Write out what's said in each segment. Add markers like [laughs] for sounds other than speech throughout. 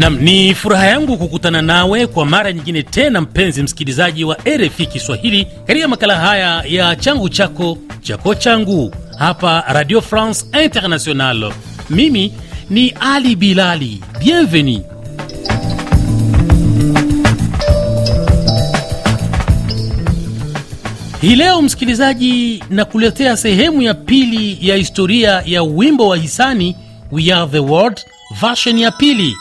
Nam, ni furaha yangu kukutana nawe kwa mara nyingine tena, mpenzi msikilizaji wa RFI Kiswahili, katika makala haya ya changu chako chako changu hapa Radio France International. Mimi ni Ali Bilali. Bienvenue. Hii leo msikilizaji, nakuletea sehemu ya pili ya historia ya wimbo wa hisani We Are The World version ya pili.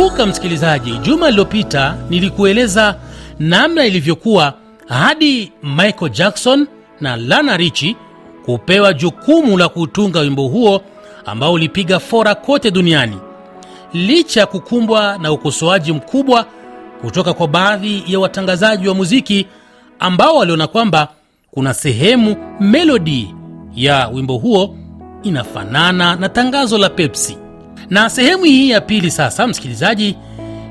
Kumbuka msikilizaji, juma lilopita nilikueleza namna ilivyokuwa hadi Michael Jackson na Lana Richi kupewa jukumu la kutunga wimbo huo ambao ulipiga fora kote duniani licha ya kukumbwa na ukosoaji mkubwa kutoka kwa baadhi ya watangazaji wa muziki ambao waliona kwamba kuna sehemu melodi ya wimbo huo inafanana na tangazo la Pepsi. Na sehemu hii ya pili sasa, msikilizaji,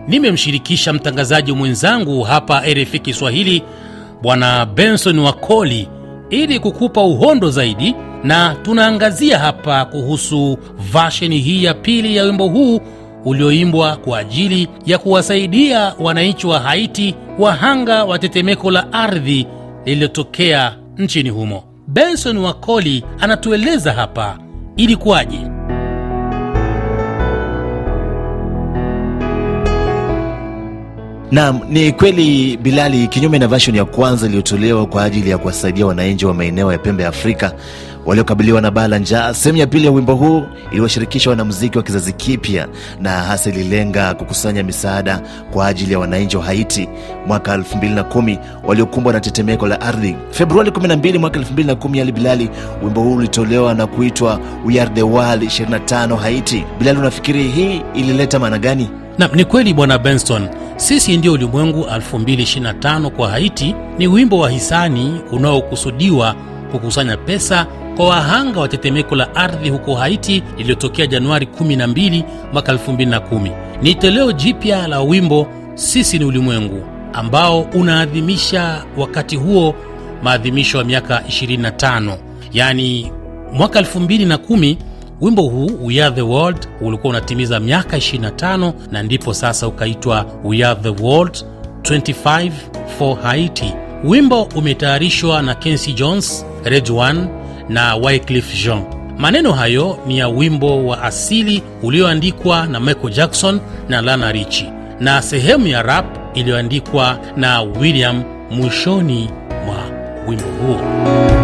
nimemshirikisha mtangazaji mwenzangu hapa rf Kiswahili Bwana Benson Wakoli ili kukupa uhondo zaidi, na tunaangazia hapa kuhusu vasheni hii ya pili ya wimbo huu ulioimbwa kwa ajili ya kuwasaidia wananchi wa Haiti wahanga wa tetemeko la ardhi lililotokea nchini humo. Benson Wakoli anatueleza hapa ilikuwaje. Naam, ni kweli Bilali, kinyume na version ya kwanza iliyotolewa kwa ajili ya kuwasaidia wananchi wa maeneo ya pembe ya Afrika waliokabiliwa na baa la njaa. Sehemu ya pili ya wimbo huu iliwashirikisha wanamuziki wa kizazi kipya na hasa ililenga kukusanya misaada kwa ajili ya wananchi wa Haiti mwaka 2010 waliokumbwa na tetemeko la ardhi. Februari 12 mwaka 2010, Ali Bilali, wimbo huu ulitolewa na kuitwa We Are The World 25 Haiti. Bilali, unafikiri hii ilileta maana gani? Na ni kweli Bwana Benson, sisi ndio ulimwengu 2025 kwa Haiti ni wimbo wa hisani unaokusudiwa kukusanya pesa kwa wahanga wa tetemeko la ardhi huko Haiti lililotokea Januari 12 mwaka 2010. Ni toleo jipya la wimbo sisi ni ulimwengu ambao unaadhimisha wakati huo maadhimisho ya miaka 25, yaani mwaka 2010 Wimbo huu We Are The World ulikuwa unatimiza miaka 25 na ndipo sasa ukaitwa We Are The World 25 for Haiti. Wimbo umetayarishwa na kensy Jones, Red One na wycliff Jean. Maneno hayo ni ya wimbo wa asili ulioandikwa na Michael Jackson na Lana richi na sehemu ya rap iliyoandikwa na William mwishoni mwa wimbo huo.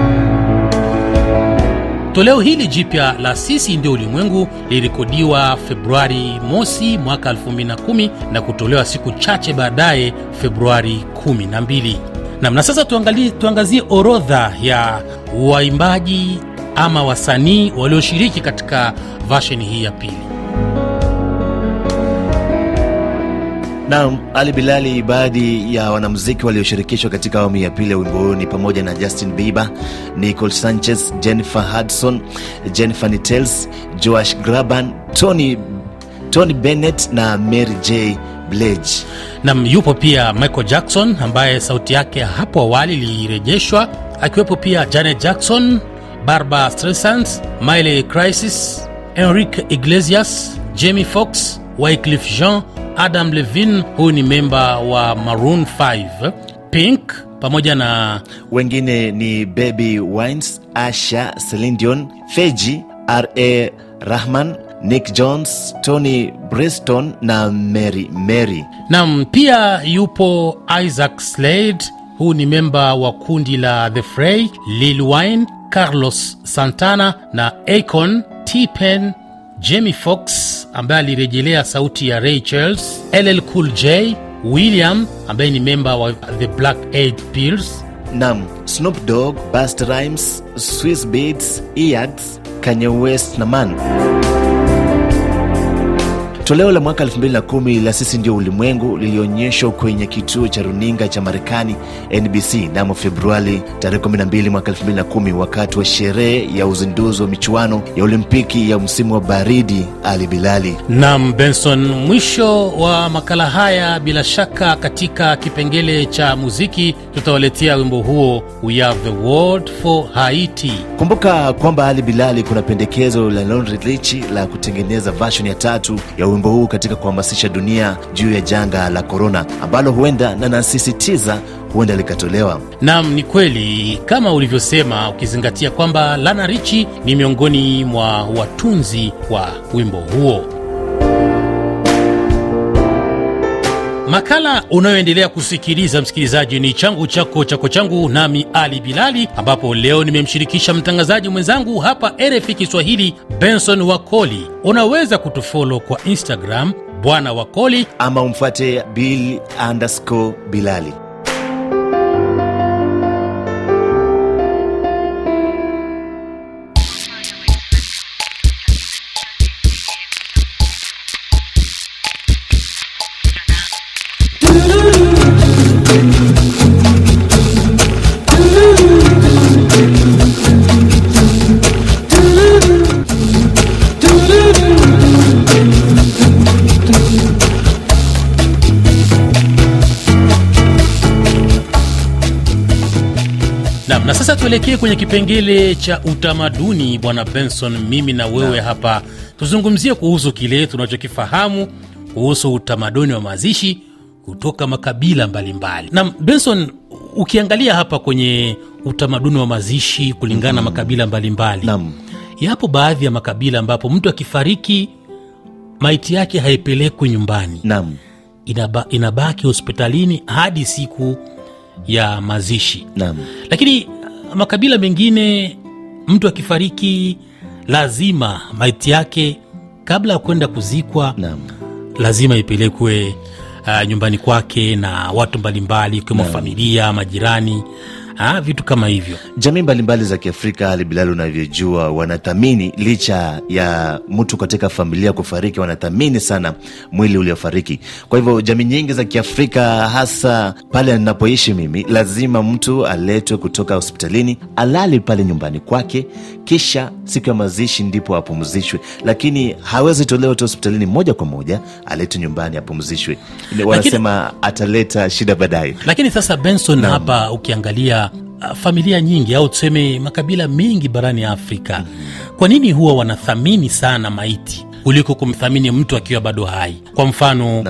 Toleo hili jipya la Sisi Ndio Ulimwengu lilirekodiwa Februari mosi mwaka 2010 na kutolewa siku chache baadaye Februari 12. Namna sasa, tuangazie orodha ya waimbaji ama wasanii walioshiriki katika vasheni hii ya pili. Naam, Ali Bilali. Baadhi ya wanamuziki walioshirikishwa katika awamu ya pili ya wimbo huu ni pamoja na Justin Bieber, Nicole Sanchez, Jennifer Hudson, Jennifer Nitels, Joash Groban, Tony, Tony Bennett na Mary J Blige. Nam, yupo pia Michael Jackson ambaye sauti yake hapo awali ilirejeshwa, akiwepo pia Janet Jackson, barbara Streisand, Miley crisis Enrique Iglesias, Jamie Foxx, Wycliffe Jean Adam Levine, huyu ni memba wa Maroon 5, Pink pamoja na wengine ni Baby Wines, Asha, Celine Dion, Feji, R.A. Rahman, Nick Jones, Tony briston na Mary Mary. nam pia yupo Isaac Slade, huu ni memba wa kundi la The Fray, Lil Wayne, Carlos Santana na Akon, T-Pain Jamie fox ambaye alirejelea sauti ya Ray Charles, LL Cool J, William ambaye ni memba wa The Black Eyed Peas, nam Snoop Dogg, Busta Rhymes, Swizz Beatz, Eads, Kanye West na Man Toleo la mwaka 2010 la Sisi Ndio Ulimwengu lilionyeshwa kwenye kituo cha runinga cha Marekani NBC namo Februari tarehe 12 mwaka 2010 wakati wa sherehe ya uzinduzi wa michuano ya Olimpiki ya msimu wa baridi Ali Bilali. nam Benson, mwisho wa makala haya, bila shaka katika kipengele cha muziki tutawaletea wimbo huo We Have the World for Haiti. Kumbuka kwamba Ali Bilali kuna pendekezo la Lonely Rich la kutengeneza version ya tatu ya wimbo huu katika kuhamasisha dunia juu ya janga la korona ambalo huenda na nasisitiza huenda likatolewa. nam ni kweli kama ulivyosema, ukizingatia kwamba Lana Richi ni miongoni mwa watunzi wa wimbo huo. Makala unayoendelea kusikiliza msikilizaji, ni changu chako chako changu, nami Ali Bilali, ambapo leo nimemshirikisha mtangazaji mwenzangu hapa RFI Kiswahili, Benson Wakoli. Unaweza kutufolo kwa Instagram bwana Wakoli, ama umfuate Bill underscore Bilali. tuelekee kwenye kipengele cha utamaduni, Bwana Benson, mimi na wewe na hapa tuzungumzie kuhusu kile tunachokifahamu kuhusu utamaduni wa mazishi kutoka makabila mbalimbali nam Benson, ukiangalia hapa kwenye utamaduni wa mazishi kulingana na hmm makabila mbalimbali mbali. Yapo baadhi ya makabila ambapo mtu akifariki maiti yake haipelekwi nyumbani nam Inaba, inabaki hospitalini hadi siku ya mazishi nam Lakini makabila mengine mtu akifariki lazima maiti yake kabla ya kwenda kuzikwa Naam. lazima ipelekwe uh, nyumbani kwake na watu mbalimbali ikiwemo familia, majirani ha, vitu kama hivyo. Jamii mbalimbali za Kiafrika, hali Bilali, unavyojua wanathamini, licha ya mtu katika familia kufariki, wanathamini sana mwili uliofariki. Kwa hivyo jamii nyingi za Kiafrika, hasa pale ninapoishi mimi, lazima mtu aletwe kutoka hospitalini alali pale nyumbani kwake, kisha siku ya mazishi ndipo apumzishwe, lakini hawezi tolewa tu hospitalini moja kwa moja, aletwe nyumbani apumzishwe. Wanasema ataleta shida baadaye. Lakini sasa Benson, hapa ukiangalia Ah, familia nyingi au tuseme makabila mengi barani ya Afrika, kwa nini huwa wanathamini sana maiti kuliko kumthamini mtu akiwa bado hai? Kwa mfano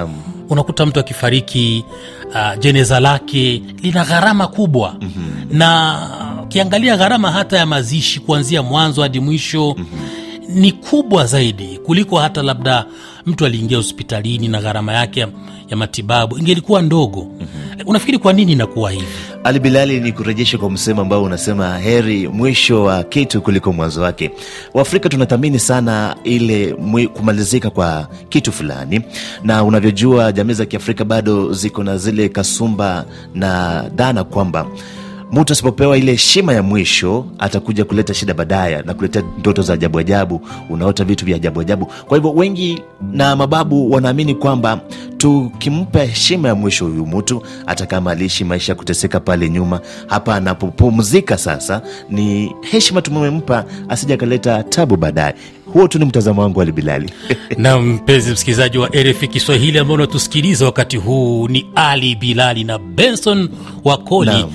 unakuta mtu akifariki, uh, jeneza lake lina gharama kubwa mm -hmm. na ukiangalia gharama hata ya mazishi kuanzia mwanzo hadi mwisho mm -hmm. ni kubwa zaidi kuliko hata labda mtu aliingia hospitalini na gharama yake ya matibabu ingelikuwa ndogo. mm -hmm. Unafikiri kwa nini inakuwa hivi? Ali Bilali, ni kurejesha kwa msemo ambao unasema heri mwisho wa kitu kuliko mwanzo wake. Waafrika tunathamini sana ile kumalizika kwa kitu fulani, na unavyojua jamii za Kiafrika bado ziko na zile kasumba na dhana kwamba mtu asipopewa ile heshima ya mwisho atakuja kuleta shida baadaye na kuleta ndoto za ajabu ajabu, unaota vitu vya ajabu ajabu. Kwa hivyo wengi na mababu wanaamini kwamba tukimpa heshima ya mwisho huyu mtu, hata kama aliishi maisha ya kuteseka pale nyuma, hapa anapopumzika sasa ni heshima tumemempa, asija akaleta tabu baadaye. Huo tu ni mtazamo wangu Ali Bilali. [laughs] na mpenzi msikilizaji wa RFI Kiswahili ambao unatusikiliza wakati huu, ni Ali Bilali na Benson Wakoli na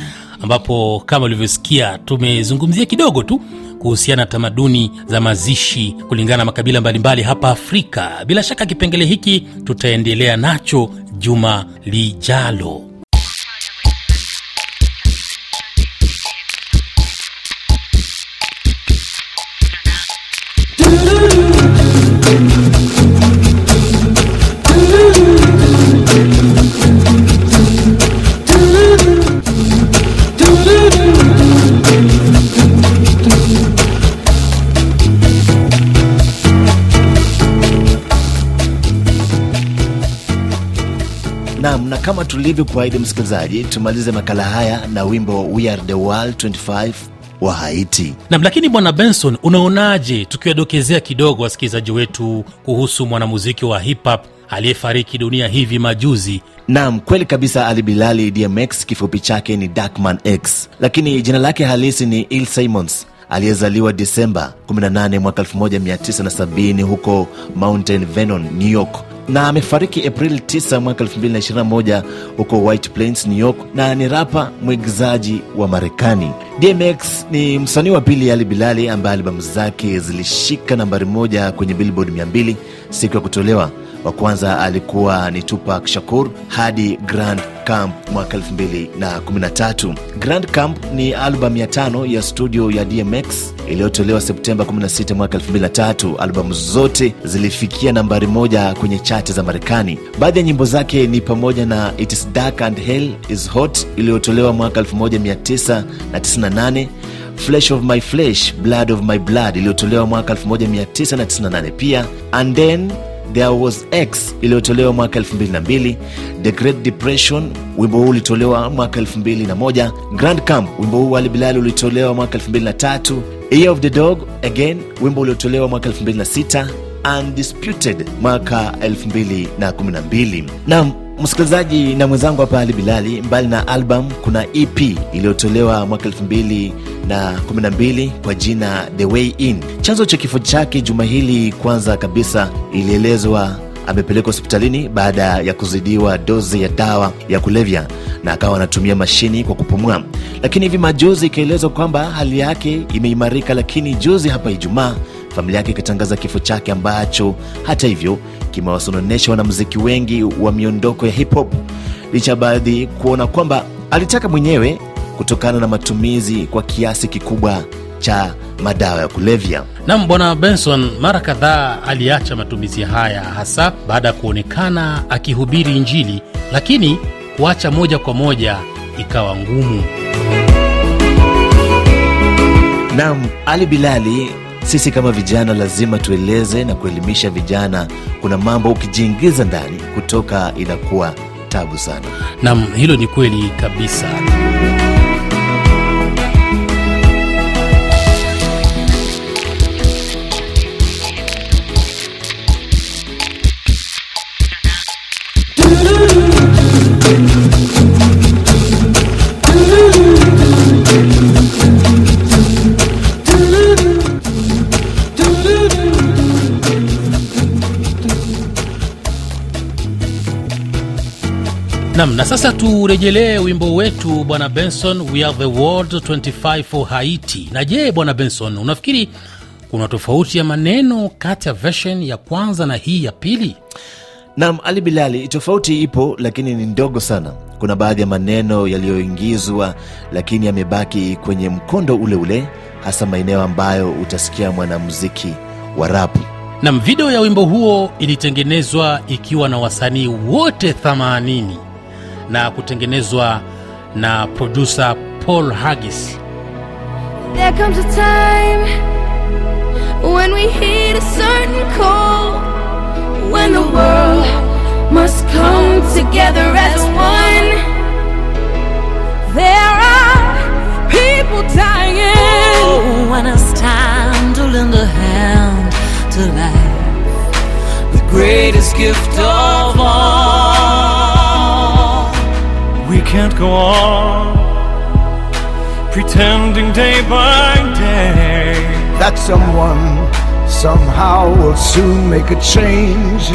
ambapo kama ulivyosikia tumezungumzia kidogo tu kuhusiana na tamaduni za mazishi kulingana na makabila mbalimbali hapa Afrika. Bila shaka kipengele hiki tutaendelea nacho juma lijalo. kama tulivyokuahidi msikilizaji, tumalize makala haya na wimbo We Are The World 25 wa Haiti. Nam, lakini bwana Benson, unaonaje tukiwadokezea kidogo wasikilizaji wetu kuhusu mwanamuziki wa hip hop aliyefariki dunia hivi majuzi? Nam, kweli kabisa, Ali Bilali DMX, kifupi chake ni Darkman X, lakini jina lake halisi ni Il Simons aliyezaliwa Disemba 18 mwaka 1970 huko Mountain Vernon, New York na amefariki april 9 mwaka 2021 huko White Plains, New York, na ni rapa mwigizaji wa Marekani. DMX ni msanii wa pili ya Ali Bilali ambaye albamu zake zilishika nambari moja kwenye Billboard Siku ya kutolewa wa kwanza alikuwa ni Tupac Shakur hadi Grand Camp mwaka 2013. Grand Camp ni albamu ya tano ya studio ya DMX iliyotolewa Septemba 16 mwaka 2003. Albamu zote zilifikia nambari moja kwenye chati za Marekani. Baadhi ya nyimbo zake ni pamoja na It is Dark and Hell is Hot iliyotolewa mwaka 1998 Flesh of My Flesh, Blood of My Blood iliyotolewa mwaka 1998. Pia and then There Was X iliyotolewa mwaka 2002, The Great Depression wimbo huu ulitolewa mwaka 2001, Grand Camp wimbo huu Ali Bilal ulitolewa mwaka 2003, Ear of the Dog again wimbo uliotolewa mwaka 2006, Undisputed mwaka 2012. Naam msikilizaji na mwenzangu hapa Ali Bilali, mbali na album kuna EP iliyotolewa mwaka mbili kwa jina The Way In. Chanzo cha kifo chake juma hili, kwanza kabisa, ilielezwa amepelekwa hospitalini baada ya kuzidiwa dozi ya dawa ya kulevya na akawa anatumia mashini kwa kupumua, lakini hivi majuzi ikaelezwa kwamba hali yake imeimarika, lakini juzi hapa Ijumaa familia yake ikatangaza kifo chake ambacho hata hivyo kimewasononesha wanamuziki wengi wa miondoko ya hip hop, licha baadhi kuona kwamba alitaka mwenyewe kutokana na matumizi kwa kiasi kikubwa cha madawa ya kulevya. Nam, Bwana Benson mara kadhaa aliacha matumizi haya, hasa baada ya kuonekana akihubiri Injili, lakini kuacha moja kwa moja ikawa ngumu. Nam, Ali Bilali sisi kama vijana lazima tueleze na kuelimisha vijana. Kuna mambo ukijiingiza ndani, kutoka inakuwa tabu sana. Naam, hilo ni kweli kabisa. Nam, na sasa turejelee wimbo wetu bwana Benson, we are the world 25 for Haiti. Na je, bwana Benson, unafikiri kuna tofauti ya maneno kati ya version ya kwanza na hii ya pili? Nam Ali Bilali, tofauti ipo lakini ni ndogo sana. Kuna baadhi ya maneno yaliyoingizwa lakini yamebaki kwenye mkondo ule ule, hasa maeneo ambayo utasikia mwanamuziki wa rapu nam. Video ya wimbo huo ilitengenezwa ikiwa na wasanii wote 80 na kutengenezwa na produsa Paul Haggis. There comes a time when we hit a certain call when the world must come together as one. There are people dying. Oh, when it's time to lend a hand to life, the greatest gift of all we can't go on pretending day by day that someone somehow will soon make a change.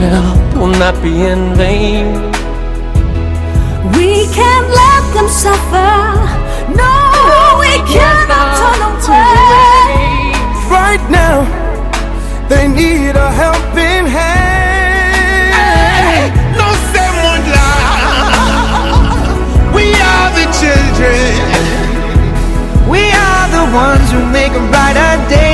help will not be in vain. We can't let them suffer. No, we cannot turn away. Right now, they need a helping hand. Hey, no someone lie. We are the children. We are the ones who make a brighter day.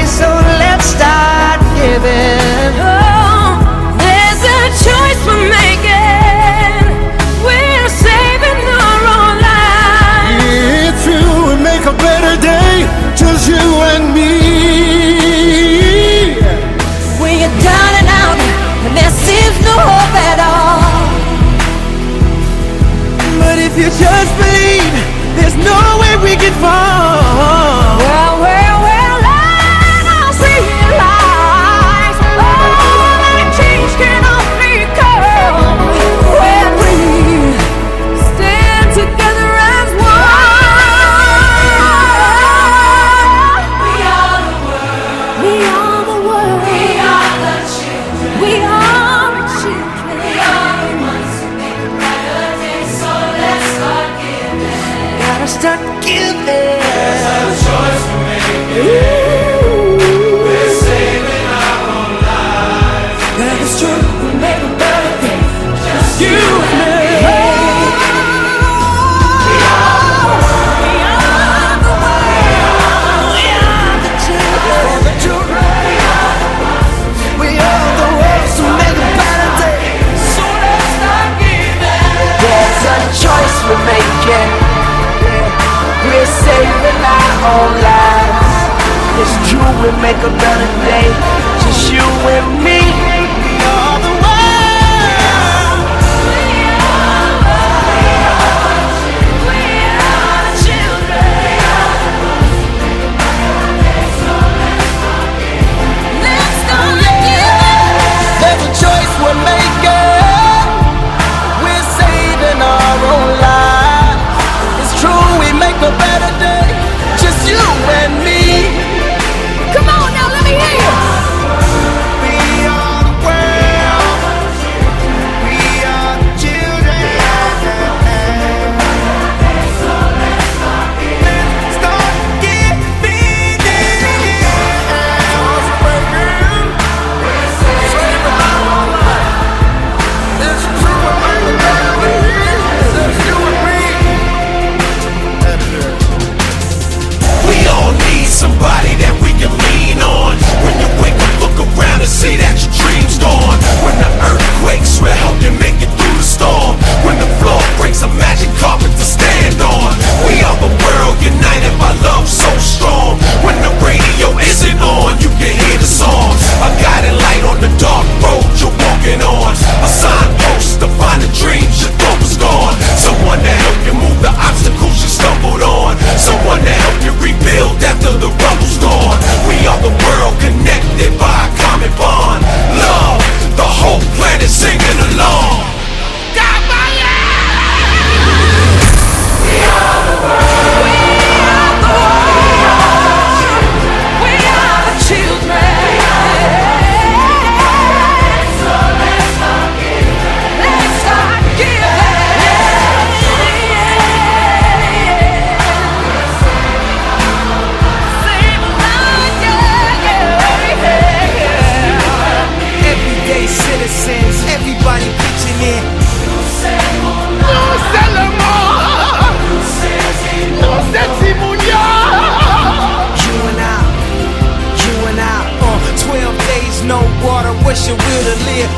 live.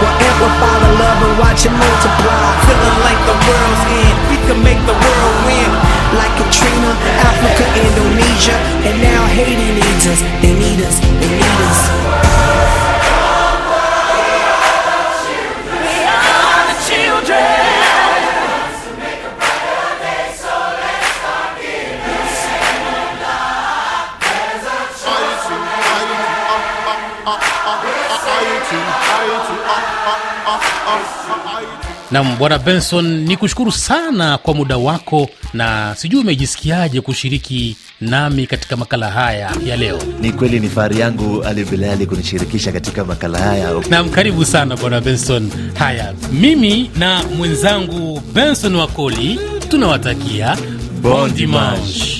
We'll amplify the love and watch it multiply. Feeling like the world's end, we can make the world win. Like Katrina, Africa, Indonesia, and now Haiti needs us. They need us. They need us. Nam Bwana Benson, ni kushukuru sana kwa muda wako, na sijui umejisikiaje kushiriki nami katika makala haya ya leo. Ni kweli ni fahari yangu Alibilali kunishirikisha katika makala haya. Nam, karibu sana Bwana Benson. Haya, mimi na mwenzangu Benson Wakoli tunawatakia bon dimanche.